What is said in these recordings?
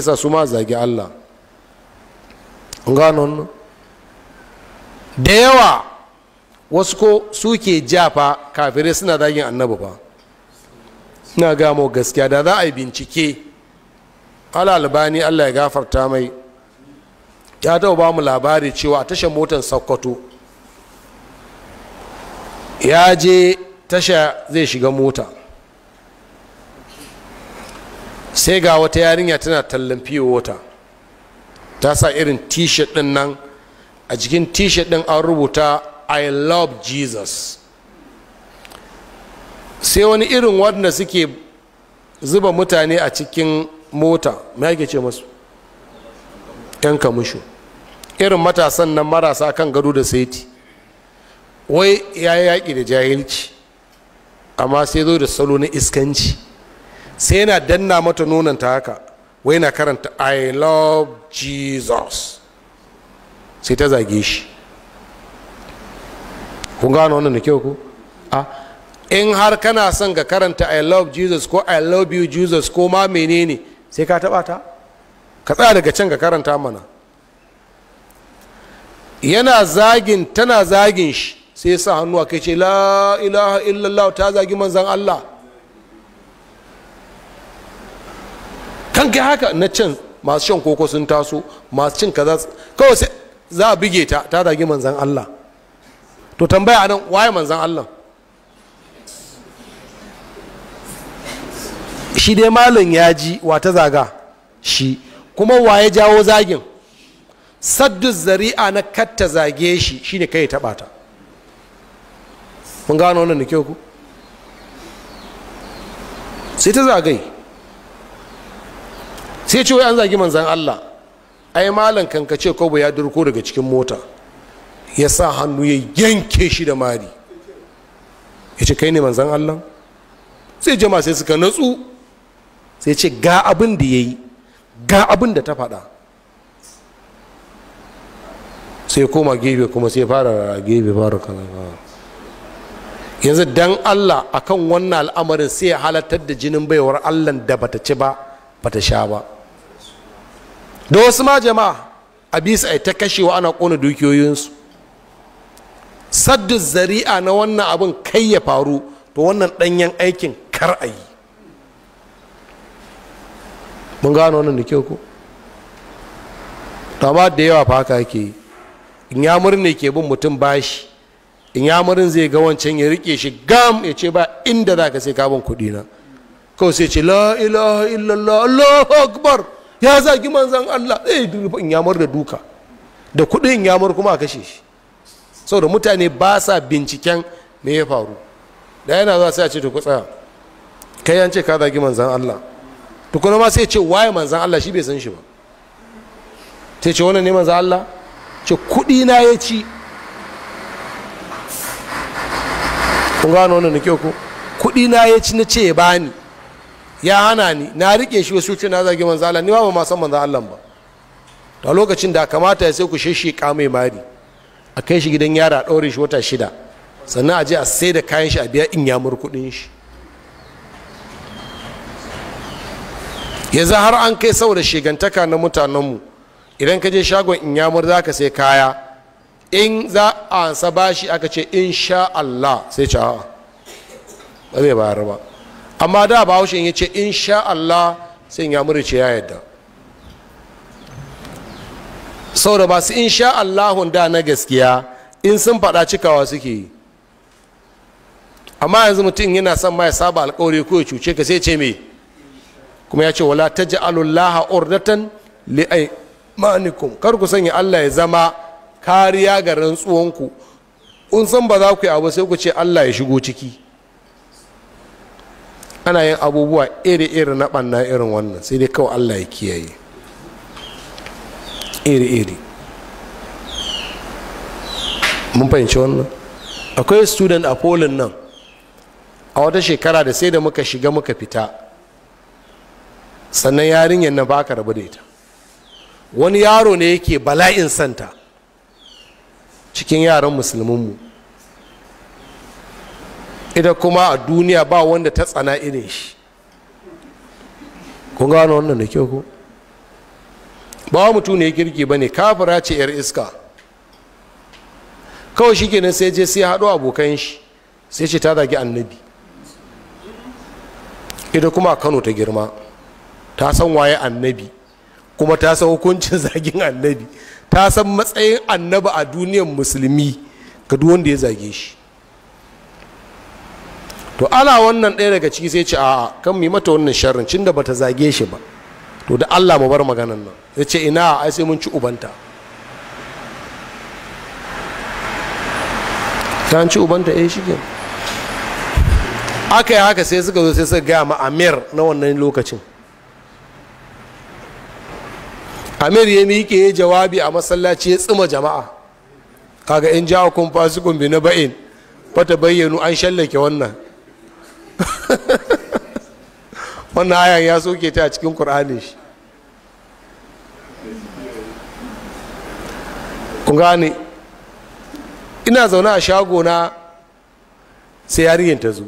yasa su ma zagi Allah da yawa wasu ko suke jafa kafirai suna zagin annabi ba? na gamo gaskiya da za a yi bincike albani Allah ya gafarta mai ya taɓa ba mu labari cewa a tashar motar sokoto ya je tasha zai shiga mota sai ga wata yarinya tana tallan fiye wata ta sa irin t-shirt din nan a jikin t-shirt din an rubuta i love jesus sai wani irin wanda suke zuba mutane a cikin mota mai ake ce masu yan kamushu irin matasan nan marasa kan gado da saiti wai ya yaƙi da jahilci amma sai zo da salo na iskanci sai yana danna mata nonanta haka wai na karanta i love jesus sai ta zage shi kun gano wannan da kyau ku a in har kana son ga karanta i love jesus ko i love you jesus ko ma menene sai ka taba ta ka tsaya daga can ka karanta mana yana zagin tana zagin shi sai sa hannu kai ce la ilaha illallah ta zagi manzan allah idan kai haka na can masu shan koko sun taso masu cin kaza kawai sai za a bige ta ta zagi manzan Allah to tambaya nan waye manzan Allah shi dai malam ya ji wa ta zaga shi kuma waye jawo zagin saddu zari'a na katta zage shi shine kai taɓa ta mun gano wannan da kyau ku sai ta zagai sai ce wai an zagi manzan Allah ai malam kanka ce kobo ya durko daga cikin mota ya sa hannu ya yanke shi da mari ya ce kai ne manzan Allah sai jama sai suka natsu sai ce ga abin da ya yi ga abin da ta faɗa sai koma gefe kuma sai fara gefe fara kanan yanzu dan Allah akan wannan al'amarin sai ya halartar da jinin baiwar Allah da bata ci ba bata sha ba da wasu ma jama'a a bisa ta kashewa ana kona dukiyoyinsu saddu zari'a na wannan abin kai ya faru to wannan ɗanyen aikin kar a yi mun gano wannan da kyau ko amma da yawa fa haka ke yi in ya ne ke bin mutum bashi in murin zai ga wancan ya rike shi gam ya ce ba inda za ka sai kabin kuɗi na kawai sai ce la ilaha illallah allahu akbar ya zagi manzan Allah zai eh, duk in yamar da duka da kuɗin yamar kuma a kashe shi saboda mutane ba sa binciken me ya faru da yana za sai a ce to ku tsaya kai an ce ka zagi manzan Allah to kuma ma sai ce waye manzan Allah shi bai san shi ba sai ce wannan ne manzan Allah ce kuɗi na ya ci kun gano wannan da kyau ko kuɗi na ya ci na ce ya bani ya hana ni na rike shi wasu ce na zage manzo Allah ni ba ma san manzo Allah ba to lokacin da kamata ya sai ku shishi ka mai mari a kai shi gidan yara a shi wata shida sannan a je a sai da kayan shi a biya in ya kuɗin shi yanzu har an kai saboda shigantaka na mutanenmu idan ka je shagon ya za ka sai kaya in za a ansa bashi aka ce insha Allah sai ce ba zai bayar ba amma da bahaushen ya ce in sha Allah sai ya murce ya yadda sau da masu in sha Allahun da na gaskiya in sun faɗa cikawa suke yi amma yanzu mutum yana son ma ya saba alkawari ko ya cuce ka sai ce me kuma ya ce wala Laha urdatan li'ai manikum kar ku sanya Allah ya zama kariya ga rantsuwanku kun san ba za ku yi abu sai ku ce Allah ya shigo ciki ana yin abubuwa iri-iri na ɓanna irin wannan sai dai kawai allah ya kiyaye iri-iri mun fahimci wannan akwai student a polin nan a wata shekara da sai da muka shiga muka fita sannan yarinyar na baka rabu da ita wani yaro ne yake bala'in santa cikin yaran musulmanmu ita kuma a duniya ba wanda ta tsana irin shi kun gano wannan da kyau ko ba mutum ne girki ba ne kafira ce 'yar iska kawai shi kenan sai je sai haɗo abokan shi sai ce ta zagi annabi ita kuma a kano ta girma ta san waye annabi kuma ta san hukuncin zagin annabi ta san matsayin annabi a duniyar musulmi ga duk wanda ya zage shi to ana wannan ɗaya daga ciki sai ce a'a kan mu mata wannan sharrin cinda ta zage shi ba to da Allah mu bar maganan nan ya ce ina ai sai mun ci ubanta ta ci ubanta ya eh, shi ke aka yi haka sai suka zo sai suka gaya ma amir na wannan lokacin amir ya miƙe ya jawabi a masallaci ya tsima jama'a kaga in jawo kun fasikun bi na ba'in fata bayyanu an shallake wannan wannan ayan ya soke ta a cikin ƙur'anin shi kun gane ina zaune a shago na sai yarinyar ta zo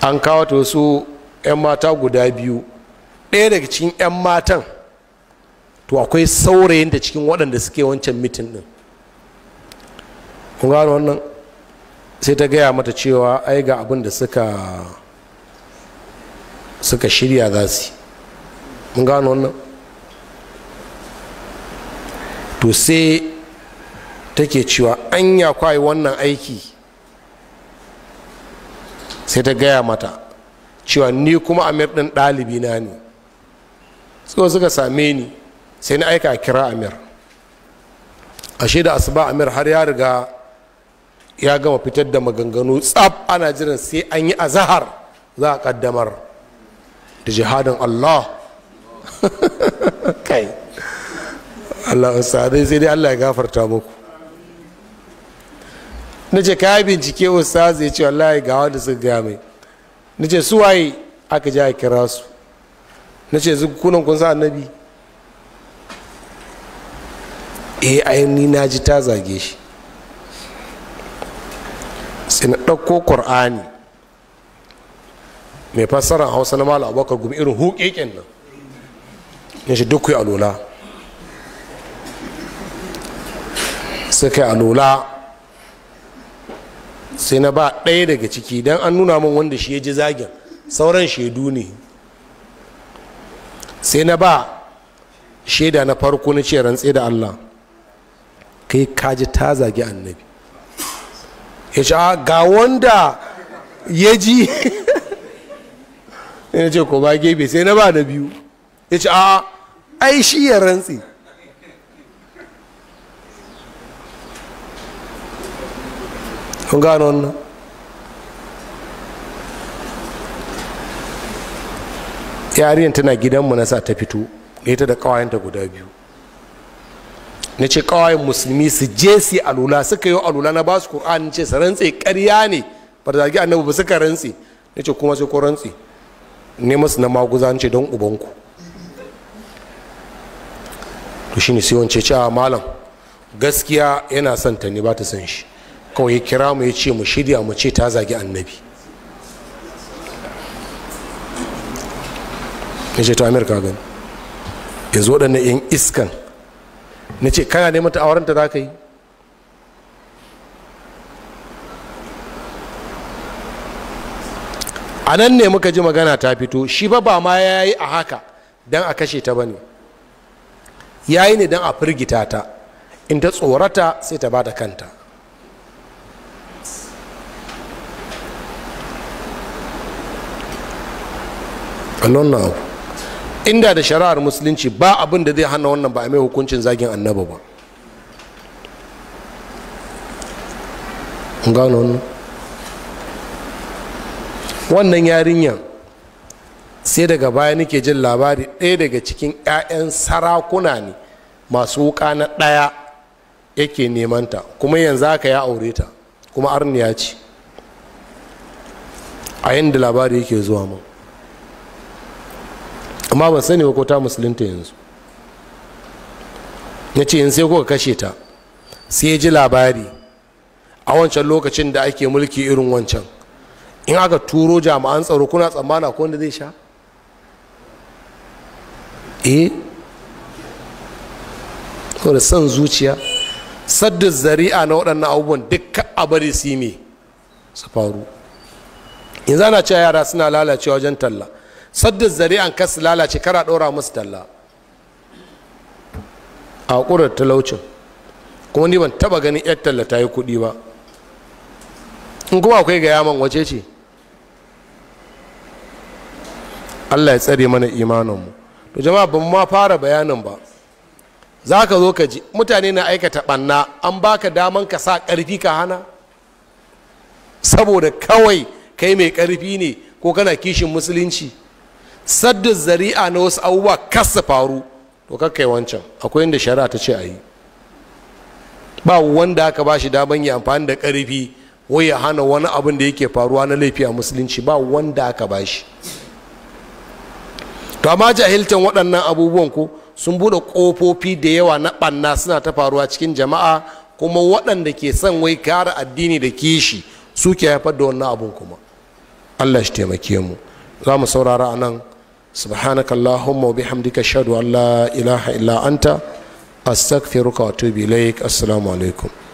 an kawo ta wasu 'yan mata guda biyu ɗaya daga cikin 'yan matan to akwai saurayin da cikin waɗanda suke wancan mitin ɗin kun gano wannan sai ta gaya mata cewa ai ga abin da suka suka shirya za su mun gano wannan to sai take cewa anya kwayi wannan aiki sai ta gaya mata cewa ni kuma amir ɗin ɗalibi na ne so suka same ni sai na aika a kira amir ashe da asuba amir har ya riga ya gama fitar da maganganu tsab ana jiran sai an yi azahar za a kaddamar da jihadin allah kai allah ustazai sai dai allah ya gafarta muku na ce kayan bincike ustaz zai ce wallahi ga wanda suka gaya mai na ce su waye aka ji a kira su na ce kunan kun sa annabi eh ainihin na ji ta zage shi sai ɗauko ƙur'ani mai fassara a hausa na malam abubakar gumi irin huƙeƙen nan ya shi duk a lola suka yi lola sai na ba ɗaya daga ciki don an nuna min wanda shi ya ji zagin sauran shaidu ne sai na ba shaida na farko na ce rantse da allah kai kaji ta zagi annabi ya ce ah, ga wanda ya ji ya ce ko ba gebe sai na ba da biyu ya ce a ai shi ya rantsi kun gano wannan yariyan tana gidanmu na sa ta fito ita da kawayenta guda biyu na ce kawayen musulmi su je su alula suka yi alula na basu qur'ani ce su rantse karya ne ba zagi annabi ba suka rantse na ce kuma sai ko rantse ne masu na maguza ce don ubanku to shi ne siyon ce cewa malam gaskiya yana son ta ne ba ta son shi kawai kira mu ya ce mu shirya mu ce ta zagi annabi ya ce ta amir gani yanzu waɗannan 'yan iskan na ce kana neman ta auren ta za ka yi a nan ne muka ji magana ta fito shi ba ba ma ya yi a haka don a kashe ta ba ne ya yi ne don a firgita ta in ta tsorata sai ta ba da kanta nan na abu inda da shari'ar musulunci ba abin da zai hana wannan ba a mai hukuncin zagin annaba ba wannan yarinyar sai daga baya nake jin labari ɗaya daga cikin 'ya'yan sarakuna ne masu wuka na ɗaya yake nemanta kuma yanzu haka ya aure ta kuma arniya ce a yin da labari yake zuwa mun amma ban sani ba ko ta musulunta yanzu ya ce in sai kuka kashe ta sai ya ji labari a wancan lokacin da ake mulki irin wancan in aka turo jami'an tsaro kuna tsammana ko wanda zai sha eh da son zuciya sadda zari'a na waɗannan abubuwan dukkan bari su yi su faru yanzu ana cewa yara suna lalacewa wajen talla sadda zari'an kasu lalace kara ɗora musu talla a da talaucin kuma ni ban taba ganin yar talla ta yi kuɗi ba in kuma akwai ga yaman wace ce allah ya tsare mana imaninmu to jama'a ban ma fara bayanin ba za ka zo ka ji mutane na aikata ɓanna an baka daman ka sa ƙarfi ka hana saboda kawai kai mai ƙarfi ne ko kana kishin musulunci sadda zari'a na wasu abubuwa kasa faru to kai wancan akwai inda shari'a ta ce a yi ba wanda aka ba shi daman yi amfani da ƙarfi wai ya hana wani abin da yake faruwa na laifi a musulunci ba wanda aka ba shi to amma jahiltan waɗannan abubuwan ku sun buɗe ƙofofi da yawa na ɓanna suna ta faruwa cikin jama'a kuma waɗanda ke son wai kare addini da kishi suke haifar da wannan abun kuma allah shi taimake mu za mu saurara a nan subhanaka allahumma wa bihamdika ashhadu an la ilaha illa anta astaghfiruka wa atubu ilaik assalamu alaikum